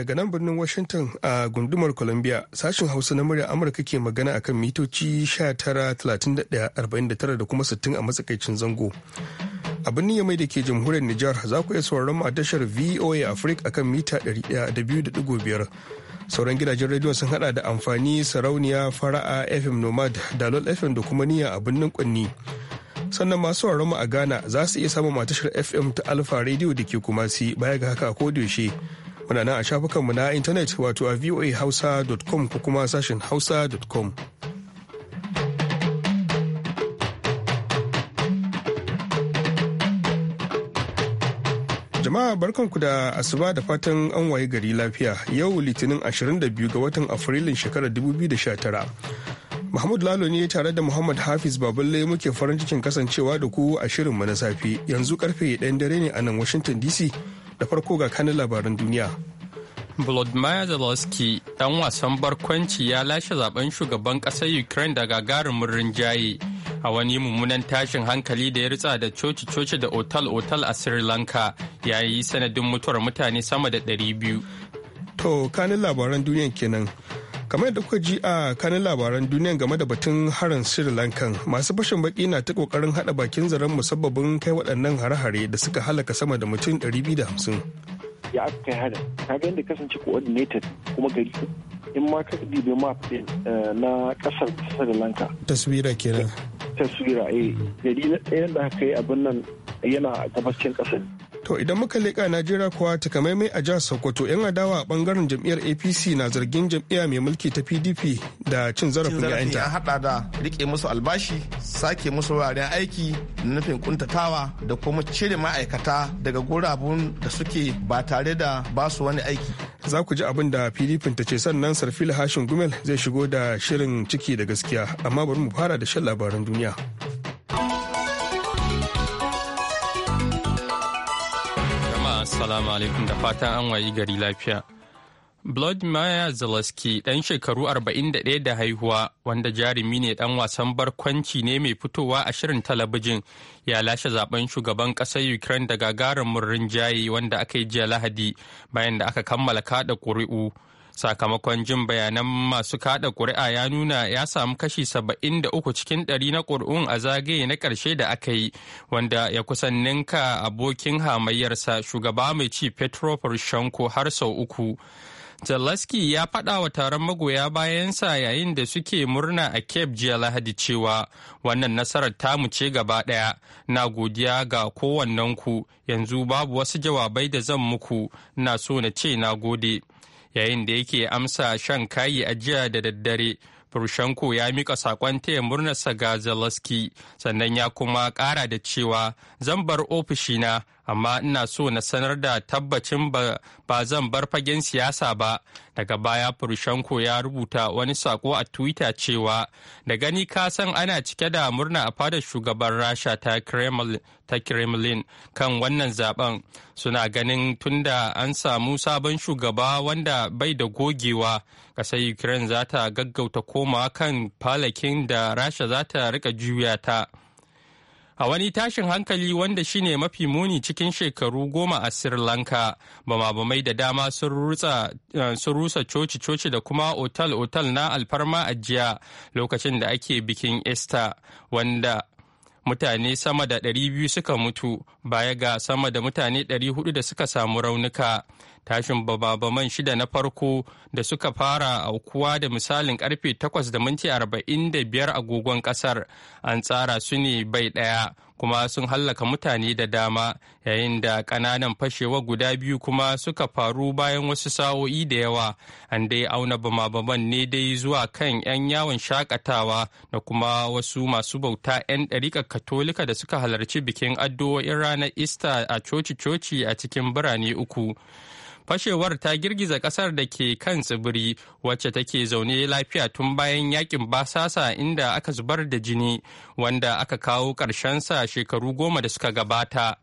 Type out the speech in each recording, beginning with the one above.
daga nan birnin Washington a gundumar Columbia sashin Hausa na murya Amurka ke magana akan mitoci 19,31,49 da kuma 60 a matsakaicin zango. A birnin Yamai da ke jamhuriyar Nijar za ku iya sauraron mu a tashar VOA Africa akan mita 100.5. Sauran gidajen rediyo sun hada da amfani sarauniya fara'a FM Nomad, Dalol FM da kuma niyya a birnin Kwanni. sannan masu mu a Ghana za su iya samun matashar FM ta alfa Radio da ke kumasi baya ga haka ko yaushe Muna nan a shafukanmu na intanet wato a voahausa.com ko kuma sashen hausa.com. Jama'a barkanku da asuba da fatan an waye gari lafiya yau litinin 22 ga watan Afrilun shekarar 2019. Mahmud Lalo ne tare da Muhammad Hafiz Baballe muke farin cikin kasancewa da ku a shirin na safe yanzu karfe 1 dare ne a nan Washington DC da farko ga kanin labaran duniya. Volodymyr Zelensky dan wasan barkwanci ya lashe zaben shugaban ƙasar Ukraine da gagarumin rinjaye a wani mummunan tashin hankali da ya ritsa da coci-coci da otal-otal a Sri Lanka ya yi sanadin mutuwar mutane sama da 200. To kanin labaran duniyan kenan kamar yadda kuka ji a kanin labaran duniya game da batun harin sri lanka masu fashin baki na ta kokarin hada bakin zaren musabbabin kai waɗannan hare-hare da suka halaka sama da mutum 250 ya aka kai hada ka ga yadda kasance coordinated kuma gari in ma ka dibe map din eh, na kasar sri lanka taswira kenan taswira eh gari na ɗayan da aka yi abin nan yana gabashin kasar To idan muka leƙa Najeriya kuwa takamaimai a jihar Sokoto 'yan adawa a bangaren jam'iyyar APC na zargin jam'iyya mai mulki ta PDP da cin zarafin ya'yanta. Cin hada da rike musu albashi, sake musu wuraren aiki, nufin kuntatawa da kuma cire ma'aikata daga gurabun da suke ba tare da basu wani aiki. Za ku ji abin da PDP ta ce sannan Sarfil Hashin Gumel zai shigo da shirin ciki da gaskiya, amma bari mu fara da shan labaran duniya. Assalamu alaikum da fatan an wayi gari lafiya. Maya Zelensky ɗan shekaru 41 da haihuwa wanda jarumi ne ɗan wasan barkwanci ne mai fitowa a shirin talabijin ya lashe zaben shugaban ƙasar Ukraine daga da murrin rinjaye wanda aka yi jiya Lahadi bayan da aka kammala kaɗa ƙuri'u. sakamakon jin bayanan masu kada kuri'a ya nuna ya samu kashi saba'in da uku cikin ɗari na ƙuri'un a zagaye na ƙarshe da aka yi wanda ya kusan ninka abokin hamayyarsa shugaba mai ci petro poroshenko har sau uku zelensky ya faɗa wa taron magoya bayansa yayin da suke murna a cape jiya lahadi cewa wannan nasarar ta mu ce gaba ɗaya na godiya ga kowannenku yanzu babu wasu jawabai da zan muku na so na ce na gode yayin da yake amsa shan kayi a jiya da daddare Poroshenko ya mika sakon taya murnarsa ga Zelensky sannan ya kuma kara da cewa zan bar ofishina amma ina so na sanar da tabbacin ba zan bar fagen siyasa ba daga baya furushenko ya rubuta wani sako a twitter cewa da gani ka san ana cike da murna a fadar shugaban rasha ta kremlin kan wannan zaben suna ganin tunda an samu sabon shugaba wanda bai da gogewa kasar ukraine za ta gaggauta komawa kan falakin da rasha za ta rika juya ta A wani tashin hankali wanda shine mafi muni cikin shekaru goma a Sri Lanka, bama da dama eh, sun rusa coci-coci da kuma otal-otal na alfarma a jiya lokacin da ake bikin Easter, wanda mutane sama da ɗari biyu suka mutu baya ga sama da mutane ɗari 400 da suka samu raunuka tashin bababaman shida na farko da suka fara aukuwa da misalin karfe takwas da minti biyar agogon kasar an tsara su ne bai ɗaya. kuma sun hallaka mutane da dama yayin da ƙananan fashewa guda biyu kuma suka faru bayan wasu sa'o'i da yawa an dai auna bama-baman ne dai zuwa kan 'yan yawon shakatawa da kuma wasu masu bauta 'yan ɗarikar katolika da suka halarci bikin addu'o'in ranar ista a coci-coci a cikin birane uku. fashewar ta girgiza kasar da ke kan tsibiri wacce take zaune lafiya tun bayan yakin basasa inda aka zubar da jini wanda aka kawo ƙarshensa shekaru goma da suka gabata.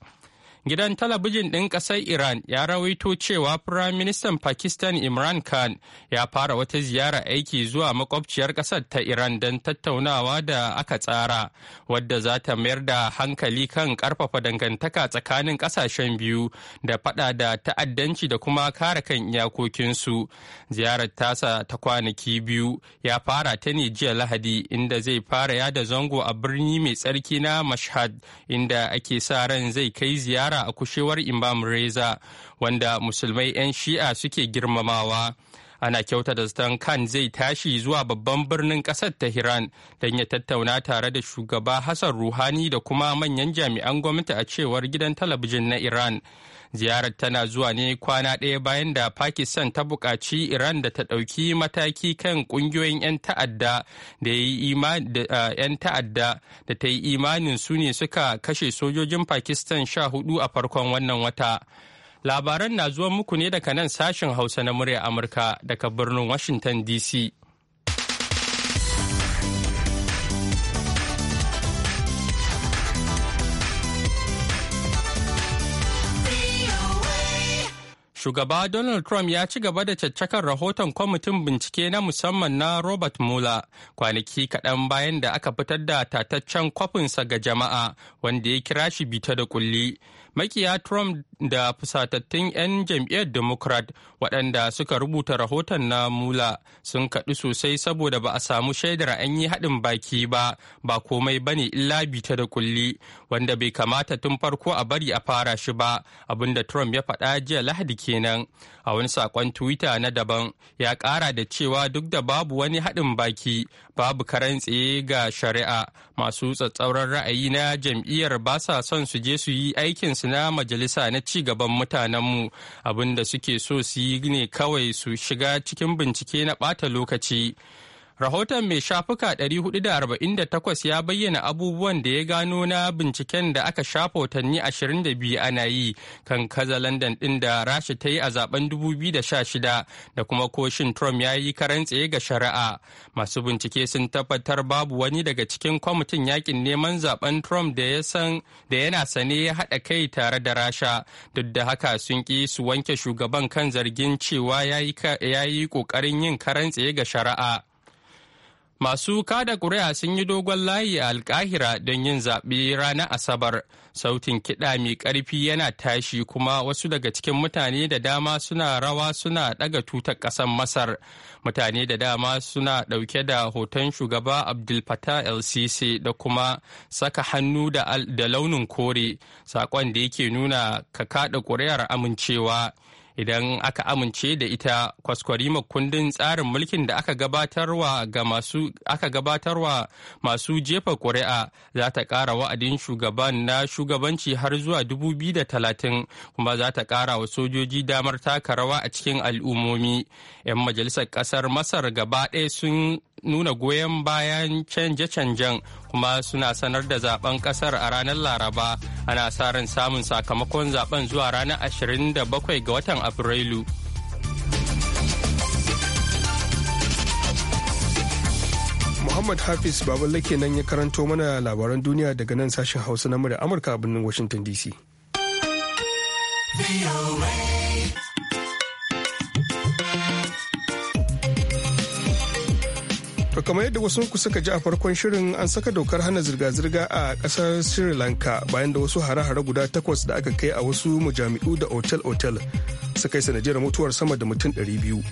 gidan talabijin ɗin ƙasar Iran ya rawaito cewa Firaministan Pakistan Imran Khan ya fara wata ziyara aiki zuwa makwabciyar ƙasar ta Iran don tattaunawa da aka tsara, wadda za ta mayar da hankali kan ƙarfafa dangantaka tsakanin ƙasashen biyu da faɗa da ta'addanci da kuma kare kan iyakokinsu. Ziyarar tasa ta kwanaki biyu ya fara ta ne jiya Lahadi inda zai fara yada zango a birni mai tsarki na Mashhad inda ake sa ran zai kai ziyara shahara a kushewar Imam Reza wanda musulmai 'yan shi'a suke girmamawa. ana kyauta da zaton kan zai tashi zuwa babban birnin ƙasar tehran don ya tattauna tare da shugaba hassan ruhani da kuma manyan jami'an gwamnati a cewar gidan talabijin na iran ziyarar tana zuwa ne kwana ɗaya bayan da pakistan ta buƙaci iran da ta ɗauki mataki kan ƙungiyoyin 'yan ta'adda da yan ta'adda da ta yi imanin su ne suka kashe sojojin pakistan sha hudu a farkon wannan wata Labaran na zuwa muku ne daga nan sashen Hausa na murya Amurka daga birnin Washington DC. shugaba Donald Trump ya ci gaba da caccakar rahoton kwamitin bincike na musamman na Robert Mueller kwanaki kaɗan bayan da aka fitar da tataccen kwafinsa ga jama'a wanda ya kira shi bita da kulli. makiya Trump da fusatattun 'yan jam'iyyar Democrat waɗanda suka rubuta rahoton na Mula sun kaɗu sosai saboda ba a samu shaidar an yi haɗin baki ba, ba komai bane illa bita da kulli, wanda bai kamata tun farko a bari a fara shi ba, abinda Trump ya faɗa jiya Lahadi kenan. A wani saƙon Twitter na daban ya ƙara da cewa duk da babu wani haɗin baki, babu karan tsaye ga shari'a, masu tsatsauran ra'ayi na jam'iyyar ba sa son su je su yi aikinsu na majalisa na ci gaban mutanenmu abin da suke so su yi ne kawai su shiga cikin bincike na ɓata lokaci Rahoton mai shafuka 448 ya bayyana abubuwan da ya gano na binciken da aka shafa watanni 22 ana yi kan kaza London ɗin da rashi ta yi a zaben 2016 da kuma koshin Trump ya yi karan tsaye ga shari'a. Masu bincike sun tabbatar babu wani daga cikin kwamitin yakin neman zaben Trump da da yana sane ya haɗa kai tare da Rasha. Duk da haka sun ƙi su wanke shugaban kan zargin cewa ya yi ƙoƙarin yin karan tsaye ga shari'a. Masu kada ƙuri'a sun yi dogon layi a alkahira don yin zaɓe ranar Asabar. Sautin kiɗa mai ƙarfi yana tashi kuma wasu daga cikin mutane da dama suna rawa suna ɗaga tutar ƙasar Masar. Mutane da dama suna ɗauke da hoton shugaba Abdul Fattah LCC da kuma saka hannu da launin kore, saƙon da yake nuna ka kaɗa ƙuri'ar amincewa. idan aka amince da ita kwaskwarima kundin tsarin mulkin da aka gabatarwa ga masu aka gabatarwa masu jefa ƙuri'a za ta ƙara wa'adin shugaban na shugabanci har zuwa 2030 kuma za ta ƙara wa sojoji damar taka rawa a cikin al'ummomi 'yan majalisar ƙasar masar gaba ɗaya sun nuna goyon bayan canje-canjen kuma suna sanar da zaben kasar a ranar laraba ana sa ran samun sakamakon zaben zuwa ranar 27 ga watan Afrilu. Muhammad Hafiz Baballe kenan ya karanto mana labaran duniya daga nan sashen Hausa na Amurka a birnin Washington DC. To kamar yadda wasu ku suka ji a farkon shirin an saka dokar hana zirga-zirga a kasar Sri Lanka bayan da wasu hare-hare guda takwas da aka kai a wasu majami'u da otel-otel suka yi sanadiyar mutuwar sama da mutum 200.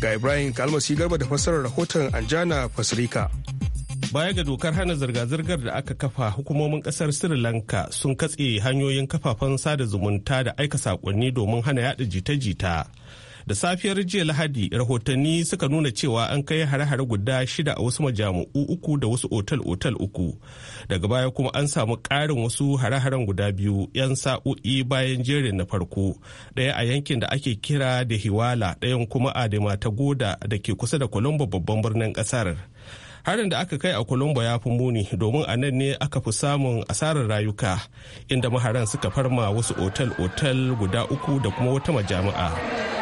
Ga Ibrahim Kalmasi Garba da fassarar rahoton Anjana Fasrika. Baya ga dokar hana zirga-zirgar da aka kafa hukumomin kasar Sri Lanka sun katse hanyoyin kafafen sada zumunta da aika sakonni domin hana yada jita-jita. da safiyar jiya lahadi rahotanni suka nuna cewa an kai hare-hare guda shida a wasu majami'u uku da wasu otal-otal uku daga baya kuma an samu ƙarin wasu hare-haren guda biyu 'yan sa'o'i bayan jerin na farko ɗaya a yankin da ake kira da hiwala ɗayan kuma a da goda da ke kusa da colombo babban birnin ƙasar harin da aka kai a colombo ya fi muni domin a nan ne aka fi samun asarar rayuka inda maharan suka farma wasu otal-otal guda uku da kuma wata majami'a.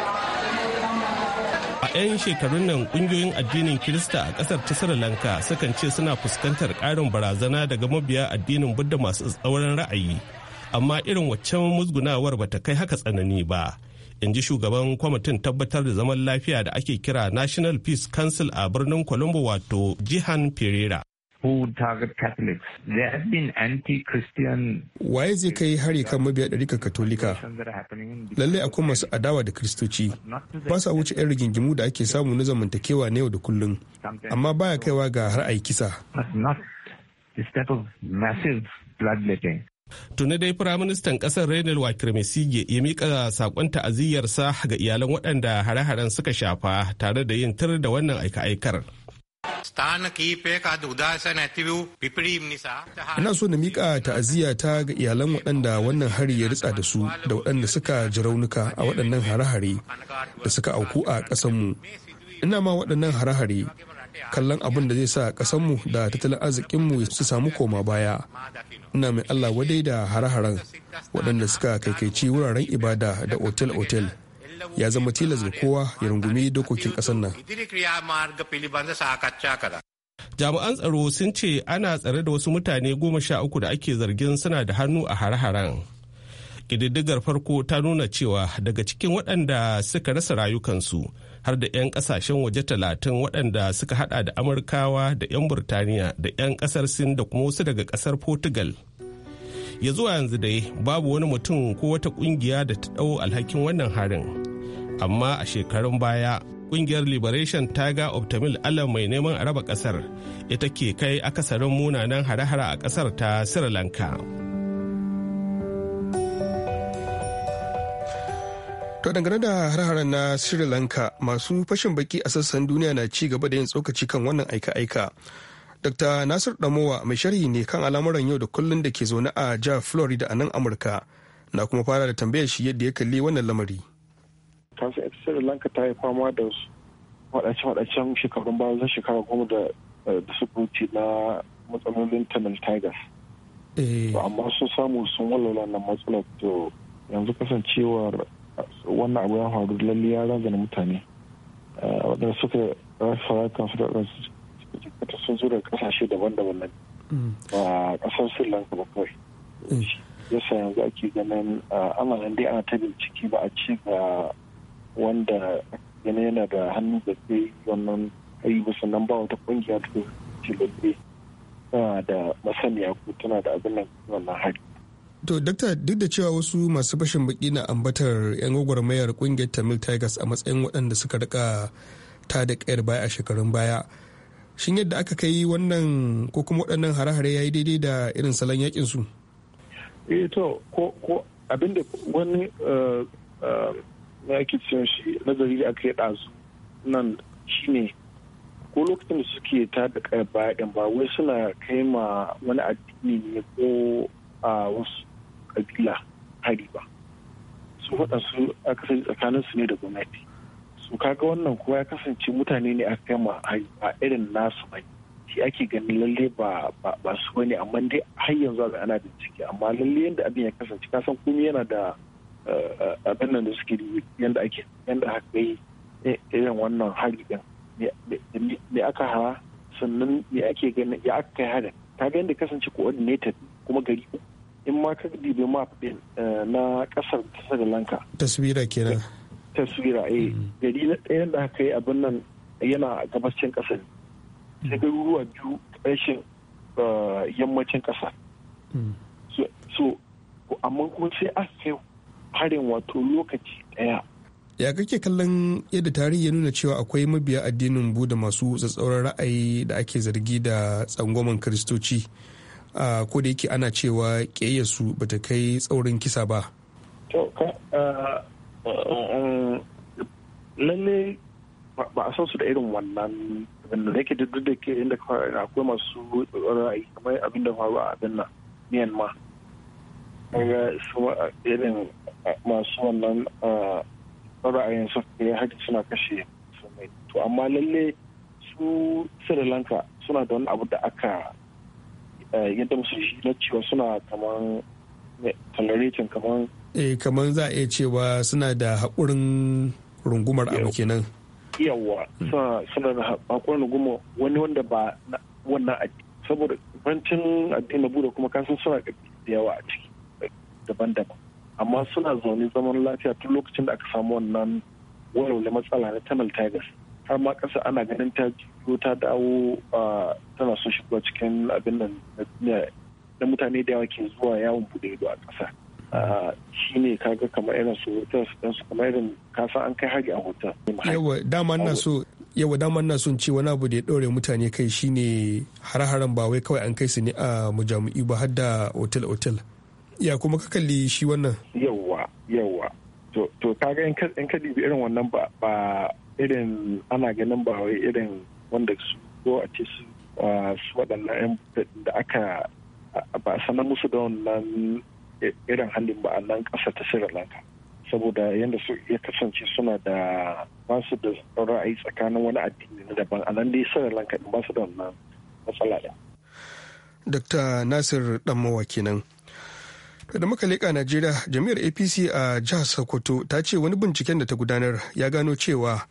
'yan shekarun nan kungiyoyin addinin kirista a kasar ta sri lanka sukan ce suna fuskantar ƙarin barazana daga mabiya addinin budda masu tsauran ra'ayi amma irin waccan musgunawar bata kai haka tsanani ba in ji shugaban kwamitin tabbatar da zaman lafiya da ake kira national peace council a birnin colombo wato jihan pereira who target Catholics. There have been anti-Christian. Waye zai kai hari kan mabiya ɗarikar Katolika? Lallai akwai masu adawa da kristoci. Ba sa wuce 'yan rigingimu da ake samu na zamantakewa na yau da kullum, amma baya kaiwa ga har a yi kisa. Tuni dai Firaministan ƙasar Renal Mesige ya miƙa saƙon ta'aziyyarsa ga iyalan waɗanda hare-haren suka shafa tare da yin tar da wannan aika-aikar. ස්ථාන කීපයක ina so na mika ta'aziyya ta ga iyalan waɗanda wannan hari ya ritsa da su da waɗanda suka ji raunuka a waɗannan hare-hare da suka auku a ƙasanmu ina ma waɗannan hare-hare kallon abin da zai sa ƙasanmu da tattalin arzikinmu su samu koma baya ina mai allah wadai da hare-haren waɗanda suka kaikaici wuraren ibada da otel-otel ya zama tilas ga kowa ya rungumi dokokin ƙasar nan jami'an tsaro sun ce ana tsare da wasu mutane goma sha uku da ake zargin suna da hannu a hare-haren ƙididdigar farko ta nuna cewa daga cikin waɗanda suka rasa rayukansu har da 'yan ƙasashen waje talatin waɗanda suka hada da amurkawa da 'yan burtaniya da 'yan ƙasar sin da kuma wasu daga ƙasar portugal ya zuwa yanzu dai babu wani mutum ko wata ƙungiya da ta ɗau alhakin wannan harin amma a shekarun baya kungiyar liberation ta ga optamil allah mai neman a raba kasar ita ke kai akasarin munanan hare-hare a kasar ta sri lanka to dangane da hare-haren na sri lanka masu fashin baki a sassan duniya na ci gaba da yin tsokaci kan wannan aika-aika dr nasir damowa mai sharhi ne kan al'amuran yau da kullun da ke zaune a jihar florida a nan amurka na kuma fara da tambayar shi yadda ya kalli wannan lamari kasa ita sri lanka ta yi fama da waɗancan shekarun bayan zan shekara goma da eh, su buci na matsalolin tamil tigers eh. amma sun samu sun walwala na matsalar to yanzu kasancewar eh, wannan abu ya faru lalle ya razana mutane waɗanda suka rasa kansu da suka sun zo daga kasashe daban-daban na mm. ba ƙasar sri lanka ba kawai yasa yanzu ake ganin ana nan dai ana ta bincike ba a ci ga wanda yana yana da hannu da ke wannan ayyuka sannan ba wata kungiya ta ce lalle tana da masaniya ko tana da abin nan wannan hari. To, Dokta, duk da cewa wasu masu fashin baki na ambatar 'yan gwagwarmayar kungiyar Tamil Tigers a matsayin waɗanda suka rika ta da ƙayar baya a shekarun baya. Shin yadda aka kai wannan ko kuma waɗannan hare-hare ya yi daidai da irin salon yakin su? Eh to, ko abinda wani eh, eh, na ake cin shi nazari da aka yi ɗazu nan shi ko lokacin da suke ta da bayan ba wai suna kai ma wani addini ne ko a wasu kabila hari ba su waɗansu a kasance tsakanin su ne da gwamnati su kaga wannan kuwa ya kasance mutane ne a kai ma hari ba irin nasu ba shi ake ganin lalle ba ba su wani amma dai har yanzu ana bincike amma lalle yadda abin ya kasance kasan komai yana da abin nan da suke yadda ake yadda aka yi irin wannan hari din me aka hara sannan me ake gani ya aka kai hada ta ga yadda kasance coordinated kuma gari in ma ka dibe map din eh, na kasar Sri Lanka taswira kenan taswira eh mm. gari na ɗayan da aka yi abin nan yana gabashin kasar sai garuruwa biyu ƙarshen eh, yammacin ƙasa mm. so amma kuma sai aka kai harin wato lokaci ɗaya. ya kake kallon yadda tarihi ya nuna cewa akwai mabiya addinin buda masu tsatsauran ra'ayi da ake zargi da tsangwaman kiristoci a da yake ana cewa ƙeyarsu ba ta kai tsaurin kisa ba lalle ba a san su da irin wannan abinda da yake duk da ke inda akwai masu tsatsauran ra'ayi kamar abin da faru a abin nan myanmar kaga su irin masu wannan ra'ayin su ya haka suna kashe su mai to amma lalle su sri lanka suna da wani abu da aka yadda musu shi na cewa suna kamar tolerating kamar eh kamar za a iya cewa suna da haƙurin rungumar abu kenan yawa hmm. suna da haƙurin rungumar wani wanda ba wannan saboda bancin addini bude kuma kasan suna da yawa a ciki daban-daban amma suna zaune zaman lafiya tun lokacin da aka samu wannan walwale matsala na tamil tigers har ma kasa ana ganin ta biyo ta dawo tana so shiga cikin abin nan na mutane da yawa ke zuwa yawon bude ido a ƙasa shi ne kaga kamar irin su hotel su kamar irin kasa an kai hari a hotel yawa dama na so yawa dama na son ce wani abu da ya ɗaure mutane kai shine har-haren ba wai kawai an kai su ne a mujamu'i ba har da otel-otel ya kuma ka kalli shi wannan yawwa yawwa to kaga in ka in dibi irin wannan ba ba irin ana ganin ba wai irin wanda su ko a ce su su waɗannan yan da aka ba sanar musu da wannan irin halin ba a nan ƙasa ta Sri Lanka saboda yadda su ya kasance suna da ba su da ra'ayi tsakanin wani addini na daban a nan dai Sri Lanka ba su da wannan matsala da Dr. Nasir Ɗanmawa kenan. To da muka leƙa Najeriya, jami'ar APC a jihar Sokoto ta ce wani binciken da ta gudanar ya gano cewa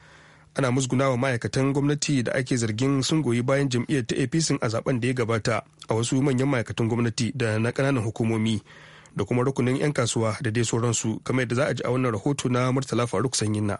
ana musgunawa ma'aikatan gwamnati da ake zargin sun goyi bayan jam'iyyar ta APC a zaben da ya gabata a wasu manyan ma'aikatan gwamnati da na ƙananan hukumomi da kuma rukunin 'yan kasuwa da dai sauransu kamar yadda za a ji a wannan rahoto na Murtala Faruk Sanyinna.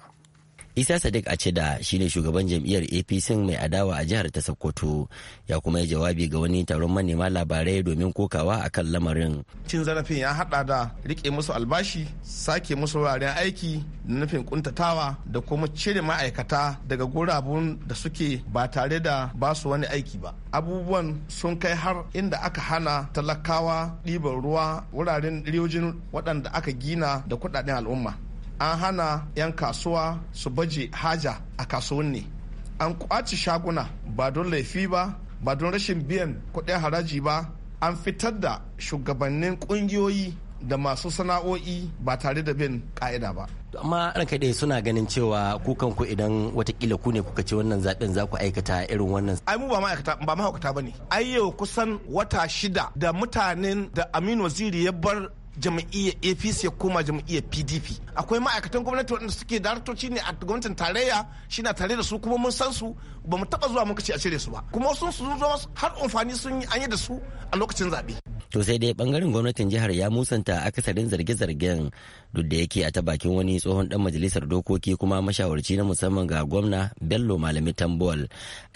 isa sadiq a cida shine shugaban jam'iyyar apc mai adawa a jihar ta sokoto ya kuma yi jawabi ga wani taron manema labarai domin kokawa a kan lamarin cin zarafin ya hada da rike musu albashi sake musu wuraren aiki da nufin kuntatawa da kuma cire ma'aikata daga gurabun da suke ba tare da ba su wani aiki ba abubuwan sun kai har inda aka hana talakawa ɗiban ruwa wuraren riyojin waɗanda aka gina da kuɗaɗen al'umma an hana 'yan kasuwa su baje haja a kasuwanni an kwaci shaguna ba don laifi ba ba don rashin biyan kuɗin haraji ba an fitar da shugabannin ƙungiyoyi da masu sana'o'i ba tare da bin ka'ida ba. amma ranka dai suna ganin cewa kukanku idan watakila ku ne kuka ce wannan zaɓen za ku aikata irin wannan ai mu ba ma'aikata ba aikata ba ai yau kusan wata shida da mutanen da Aminu Waziri ya bar jam'iyyar apc ya koma jam'iyyar pdp akwai ma'aikatan gwamnati waɗanda suke daraktoci ne a gwamnatin tarayya shi na tare da su kuma mun san su ba mu taɓa zuwa muka ce a cire su ba kuma sun su zo har amfani sun yi anya da su a lokacin zaɓe. to sai dai bangaren gwamnatin jihar ya musanta akasarin zarge-zargen duk da yake a ta bakin wani tsohon dan majalisar dokoki kuma mashawarci na musamman ga gwamna bello malami tambol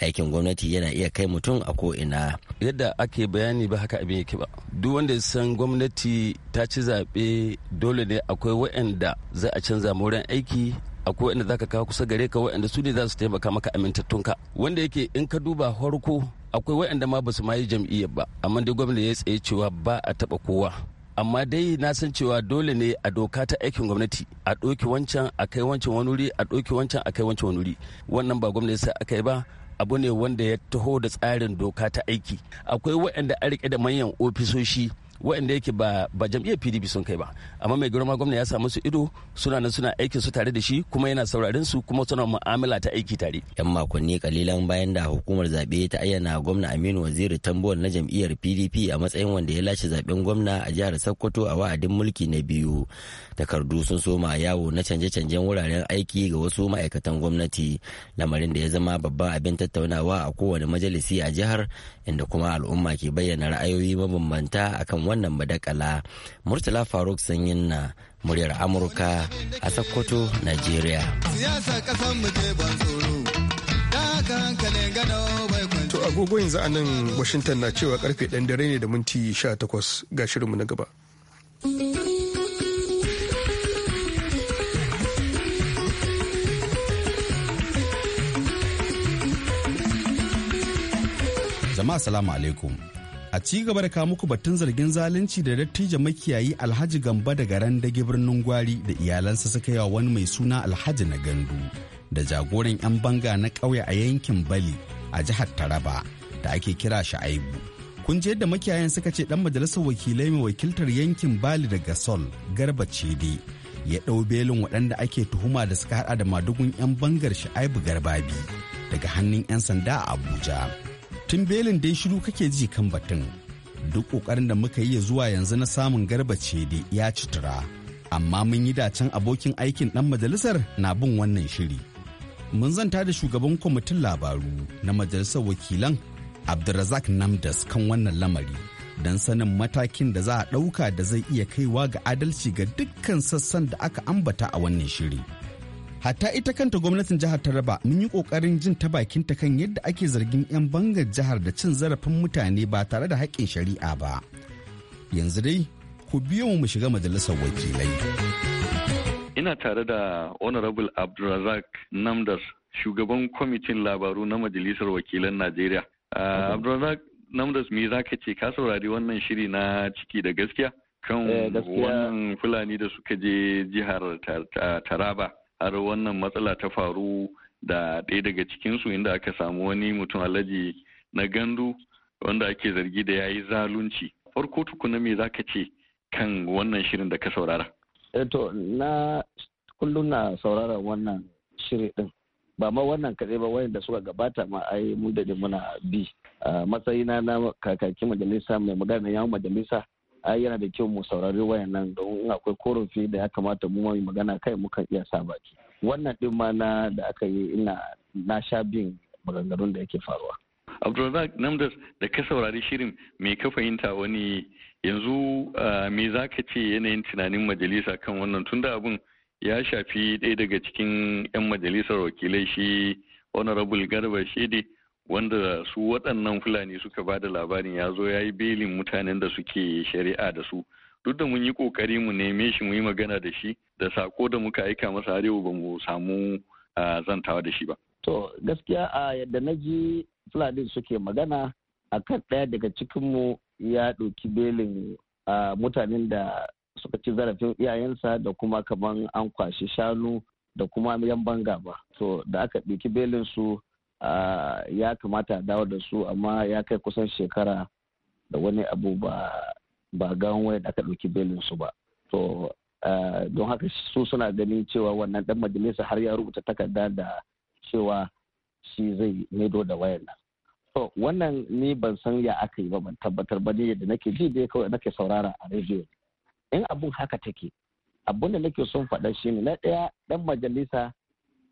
aikin gwamnati yana iya kai mutum a ko ina. yadda ake bayani ba haka abin yake ba duk wanda ya san gwamnati ta ci zaɓe dole ne akwai waɗanda za a canza wurin aiki akwai waɗanda za ka kawo kusa gare ka waɗanda su ne za su taimaka maka amintattunka wanda yake in ka duba farko akwai waɗanda ma ba su ma yi jam'iyyar ba amma dai gwamna ya tsaye cewa ba a taɓa kowa amma dai na san cewa dole ne a doka ta aikin gwamnati a ɗauki wancan a kai wancan wani wuri a ɗauki wancan a kai wancan wani wuri wannan ba gwamnati sai aka yi ba abu ne wanda ya taho da tsarin doka ta aiki akwai waɗanda a rike da manyan ofisoshi waɗanda yake ba ba jam'iyyar PDP sun kai ba amma mai girma gwamna ya samu su ido suna nan suna aikin su tare da shi kuma yana sauraren su kuma suna mu'amala ta aiki tare yan makonni kalilan bayan da hukumar zabe ta ayyana gwamna Aminu Waziri Tambuwal na jam'iyyar PDP a matsayin wanda ya lashe zaben gwamna a jihar Sokoto a wa'adin mulki na biyu takardu sun soma yawo na canje-canjen wuraren aiki ga wasu ma'aikatan gwamnati lamarin da ya zama babban abin tattaunawa a kowane majalisi a jihar inda kuma al'umma ke bayyana ra'ayoyi mabambanta akan wannan madakala murtala faruk sanyin na muryar amurka a sokoto nigeria kasan mu ban tsoro To agogo yanzu a nan Washington na cewa karfe ɗan dare ne da minti 18 ga shirinmu na gaba. Jama'a salamu alaikum. a ci gaba da kawo muku batun zargin zalunci da dattijo makiyayi alhaji gamba daga randage birnin gwari da iyalansa suka yi wa wani mai suna alhaji na gandu da jagoran 'yan banga na ƙauye a yankin bali a jihar taraba da ake kira sha'aibu kun je da makiyayan suka ce dan majalisar wakilai mai wakiltar yankin bali daga sol garba cede ya ɗau belin waɗanda ake tuhuma da suka hada da madugun 'yan bangar aibu garbabi daga hannun 'yan sanda a abuja tun belin dai shiru kake ji kan batun duk ƙoƙarin da muka yi zuwa yanzu na samun garbace da ya ci tura amma mun yi dacen abokin aikin ɗan majalisar na bin wannan shiri mun zanta da shugaban kwamitin labaru na majalisar wakilan abdulrazak namdas kan wannan lamari don sanin matakin da za a ɗauka da zai iya kaiwa ga adalci ga dukkan sassan da aka ambata a wannan shiri. hatta ita kanta gwamnatin jihar taraba mun yi kokarin jin ta bakin ta kan yadda ake zargin 'yan bangar jihar da cin zarafin mutane ba tare da haƙƙin shari'a ba yanzu dai ku biyo mu mu shiga majalisar wakilai ina tare da honorable abdulrazak namdar shugaban kwamitin labaru na majalisar wakilan najeriya ah, abdulrazak Namdas, me za ka ce ka saurari wannan shiri na ciki da gaskiya kan eh, wannan fulani da suka je jihar taraba har wannan matsala ta faru da ɗaya daga cikinsu inda aka samu wani mutum alaji na gandu wanda ake zargi da ya yi zalunci farko tukuna me zaka ce kan wannan shirin da ka saurara eh, to na kullum na saurara wannan shirin din ba ma wannan kaɗai ba wayanda suka gabata ma ai mu da muna bi a matsayina na kakakin majalisa mai magana yawon majalisa yana da kyau mu saurari wayannan don in akwai korofi da ya kamata mu mai magana kai muka iya sa baki wannan din ma na da aka yi ina na sha bin maganganun da yake faruwa abdulrazak namdas da ka saurari shirin me ka fahimta wani yanzu me za ka ce yanayin tunanin majalisa kan wannan tunda abun ya shafi ɗaya daga cikin 'yan majalisar wakilai shi honorable garba shede wanda su waɗannan fulani suka ba da labarin ya zo ya yi belin mutanen da suke shari'a da su duk da mun yi ƙoƙari mu neme shi mu yi magana da shi da sako da muka aika masa har ba mu samu zantawa da shi ba. to gaskiya a yadda na ji fulani suke magana a kan ɗaya daga cikinmu ya ɗauki belin mutanen da suka ci zarafin iyayensa da kuma kamar an kwashi shanu da kuma yan banga ba to da aka ɗauki belin su ya kamata a dawo da su amma ya kai kusan shekara da wani abu ba ba waya da aka ɗauki belin su ba to don haka su suna ganin cewa wannan ɗan majalisa har ya rubuta takarda da cewa shi zai maido da wayan nan to wannan ni ban san ya aka yi ba ban tabbatar ba ne da nake ji ya kawai nake saurara a rediyo in abun haka take abun da nake son faɗa shi ne na ɗaya ɗan majalisa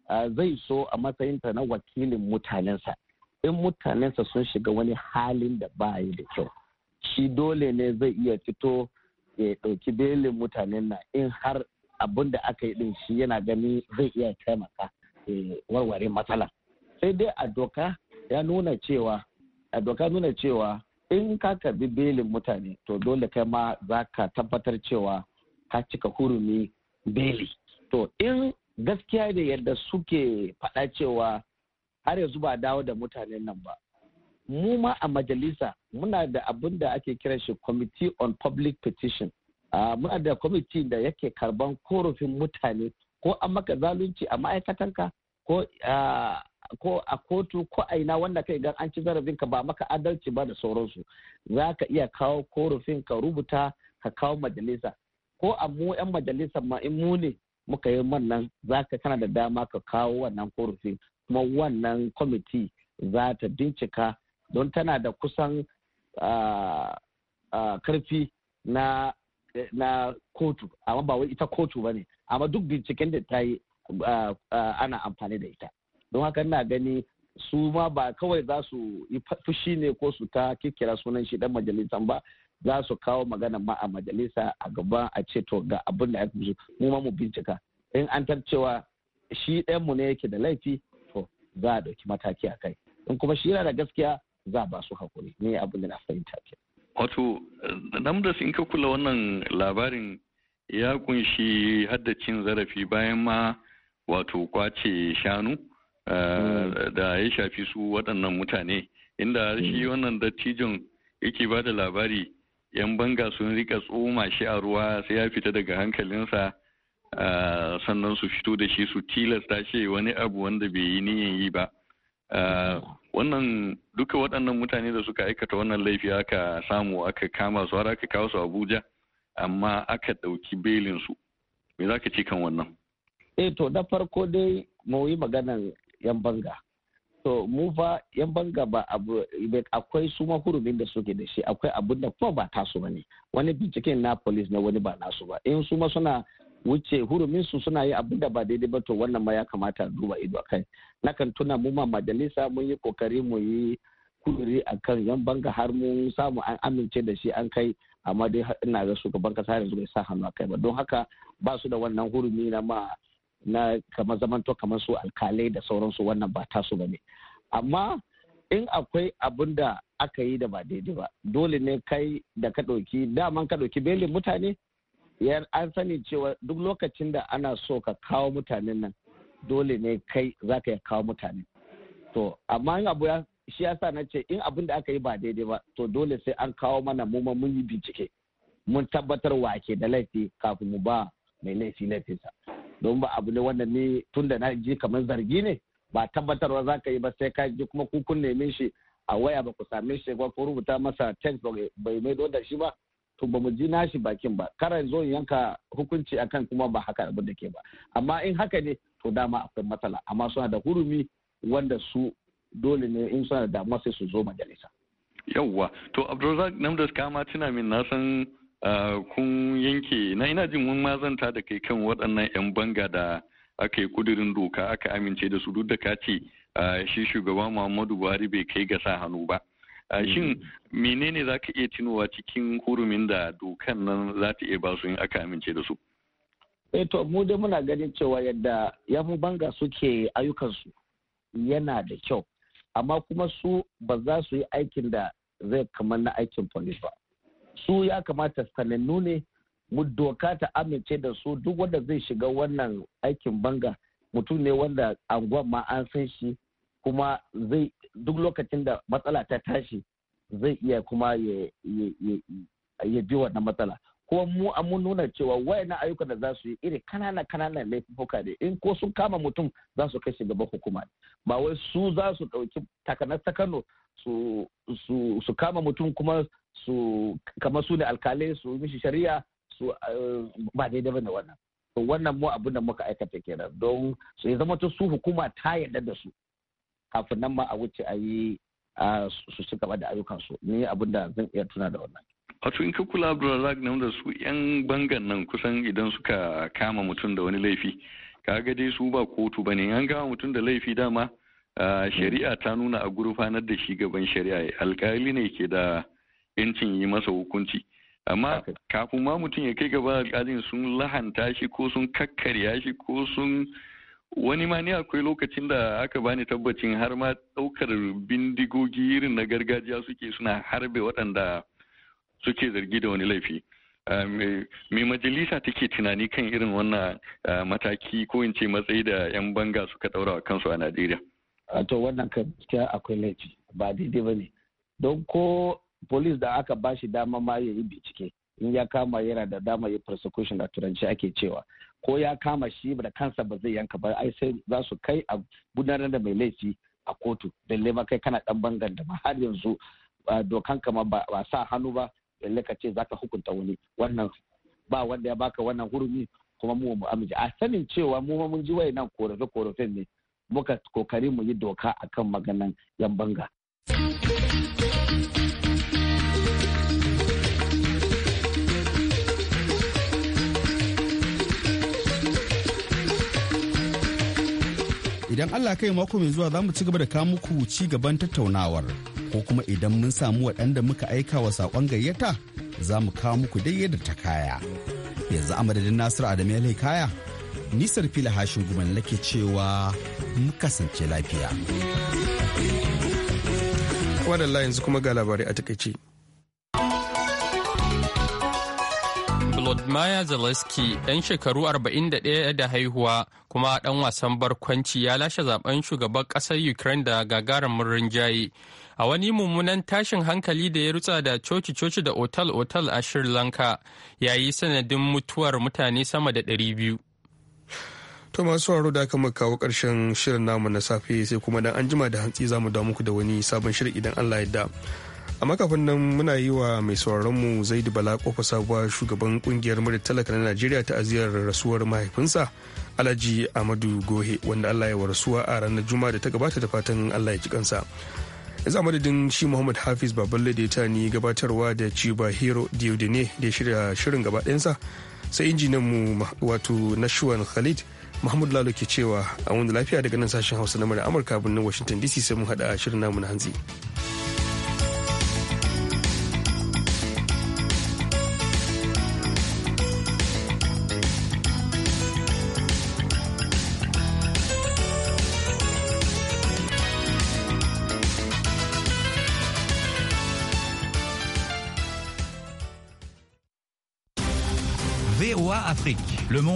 Ah, zai so a matsayinta na wakilin mutanensa in mutanensa sun shiga wani halin da ba yi da kyau shi dole ne zai iya fito ya ɗauki belin mutanen na in har abin da aka yi din shi yana gani zai iya taimaka eh, warware matsala sai dai a doka ya nuna cewa a doka nuna cewa in ka karbi belin mutane to dole kai ma za ka tabbatar cewa ka cika hurumi beli to in gaskiya da yadda suke faɗa cewa har yanzu ba dawo da mutanen nan ba mu ma a majalisa muna da abin da ake kiran shi committee on public petition muna da kwamiti da yake karban korafin mutane ko an maka zalunci a ma'aikatanka ko ko a kotu ko a ina wanda kai gan an ci zarafin ka ba maka adalci ba da sauransu za ka iya kawo korafin ka rubuta ka kawo majalisa ko a mu yan majalisa ma in mu ne muka yi wannan za ka kana da dama ka kawo wannan korafi kuma wannan kwamiti za ta bincika don tana da kusan karfi na kotu amma ba wai ita kotu ba ne amma duk binciken da ta yi ana amfani da ita don haka ina gani su ma ba kawai za su yi fushi ne ko su ta kikkira sunan shi dan majalisan ba za su kawo magana ma a majalisa a gaba a ce to ga abin da fi mu ma mu bincika in an cewa shi ɗayan mu ne yake da laifi to za a ɗauki mataki a kai in kuma shi yana da gaskiya za ba su hakuri ne abin da na fahimta ke. Wato, Namdas in ka kula wannan labarin ya kunshi haddacin zarafi bayan ma wato kwace shanu hmm. eh, da ya shafi su waɗannan mutane inda shi hmm. wannan dattijon yake ba da labari yan banga sun rika tsoma shi a ruwa sai ya fita daga hankalinsa sannan su fito da shi su tilasta shi wani abu wanda bai yi niyan yi ba wannan duka waɗannan mutane da suka aikata wannan laifi aka samu aka kama su har aka kawo su abuja amma aka ɗauki belin su me za ka ce kan wannan eh to na farko dai mu yi maganan yan banga to mu fa yan banga ba abu akwai su hurumin da suke da shi akwai abun da kuma ba ta tasu bane wani binciken na police na wani ba nasu ba in su ma suna wuce hurumin su suna yi abun da ba daidai ba to wannan ma ya kamata duba ido kai nakan tuna mu ma majalisa mun yi kokari mu yi kuduri kan yan banga har mun samu an amince da shi an kai amma dai ina ga shugaban kasa yanzu bai sa hannu a kai ba don haka ba su da wannan hurumi na ma na kamar zamanto kamar su alkalai da sauransu wannan ba tasu ba ne amma in akwai abun da aka yi da ba daidai ba dole ne kai da ka ɗauki daman ka ɗauki belin mutane an sani cewa duk lokacin da ana so ka kawo mutanen nan dole ne kai za ka kawo mutane to amma in abu ya shi yasa na ce in abin da aka yi ba daidai ba to dole sai an kawo mana mu mun yi bincike mun tabbatar wa ke da laifi kafin mu ba mai laifi laifinsa don ba abu ne wannan ne tun da na ji kamar zargi ne ba tabbatarwa za ka yi ba sai ka ji kuma kukun neme shi a waya ba ku same shi ba ko rubuta masa text bai mai da shi ba to ba mu ji nashi bakin ba kara zo yanka hukunci akan kuma ba haka abin da ke ba amma in haka ne to dama akwai matsala amma suna da hurumi wanda su dole ne in suna da damuwa sai su zo majalisa yawwa to abdulrazak namdas kama tuna min na san kun yanke na ina jin mun mazanta da kai kan waɗannan 'yan banga da aka yi kudirin doka aka amince da su duk da kace ce shi shugaba muhammadu buhari bai kai ga sa hannu ba mm-hmm. shin menene za ka iya tunowa cikin hurumin da dokan nan za ta iya basu in aka amince da su eh, to mu dai muna ganin cewa yadda yan banga suke ayyukansu yana da kyau amma kuma su ba za su yi aikin da zai kamar na aikin police ba su ya kamata sanannu ne mu doka ta amince da su duk wanda zai shiga wannan aikin banga mutum ne wanda anguwan ma an san shi kuma zai duk lokacin da matsala ta tashi zai iya kuma ya bi wannan matsala ko mu mun nuna cewa na ayyukan da za su yi iri kanana kananan laifuka ne in ko sun kama mutum za su kai shi gaban hukuma ba wai su za su ɗauki takanar ta Kano su su kama mutum kuma su kamar su ne alkalai su mishi shari'a su eh, ba daidai bane wannan to wannan mu abin da muka aikata kenan don su ya zama su hukuma ta yarda da su kafin nan ma a wuce a yi su ci gaba da ayyukansu ni abin da zan iya tuna da wannan wato in ka kula abdulrazak nan su yan bangan nan kusan idan suka kama mutum da wani laifi kaga dai su ba kotu bane an kama mutum da laifi dama shari'a ta nuna a gurfanar da shi gaban shari'a alkali ne ke da yancin yi masa hukunci amma kafin ma mutum ya kai gaba alkalin sun lahanta shi ko sun kakkarya shi ko sun wani ma ni akwai lokacin da aka bani tabbacin har ma daukar bindigogi irin na gargajiya suke suna harbe waɗanda suke zargi da wani laifi ah, mai majalisa take tunani kan irin wannan ah, mataki ko in ce matsayi da 'yan banga suka daura wa kansu a najeriya ah, to wannan gaskiya akwai laifi ba daidai ba ne don ko polis da aka ba shi dama ma ya yi bincike in ya kama yana da dama ya prosecution a turanci ake cewa ko ya kama shi da kansa ba zai yanka ba ai sai za su kai a gudanar da mai laifi a kotu da kai kana ɗan bangan da ma har yanzu dokan kama ba sa hannu ba balle ka ce zaka hukunta wani wannan ba wanda ya baka wannan hurumi kuma mu mu amince a sanin cewa mu mun ji nan korafe korafen ne muka kokari mu yi doka akan maganan yan banga idan Allah kai mako mai zuwa za mu ci gaba da kawo muku ci gaban tattaunawar. ko kuma idan mun samu waɗanda muka aika wa saƙon gayyata za mu kawo muku dai yadda ta kaya. Yanzu a madadin Nasiru Adamu ya kaya, nisar fila hashin guman lake cewa mu kasance lafiya. Wadalla yanzu kuma ga labarai a takaice. Volodymyr Zelensky ɗan shekaru 41 da haihuwa kuma ɗan wasan barkwanci ya lashe zaben shugaban ƙasar Ukraine da gagarumin rinjaye. a wani mummunan tashin hankali da ya rutsa da coci-coci da otal-otal a Sri Lanka ya yi sanadin mutuwar mutane sama da 200. To masu sauraro da aka kawo karshen shirin namu na safe sai kuma dan an jima da hantsi za mu damu da wani sabon shirin idan Allah ya da. A makafin nan muna yi wa mai sauraron mu Zaidu Bala kofa sabuwa shugaban kungiyar murid talaka na Najeriya ta aziyar rasuwar mahaifinsa Alhaji Amadu Gohe wanda Allah ya wa rasuwa a ranar Juma'a da ta gabata da fatan Allah ya ji kansa. yanzu a madadin shi muhammad hafiz babban da ta ni gabatarwa da ciba hero diodine da ya shirya shirin gaba ɗayansa sai injinan mu wato nashwan khalid muhammad lalo ke cewa a wanda lafiya daga nan sashen hausa na amurka birnin washington dc sai mun hada shirin namu na hanzi. Le monde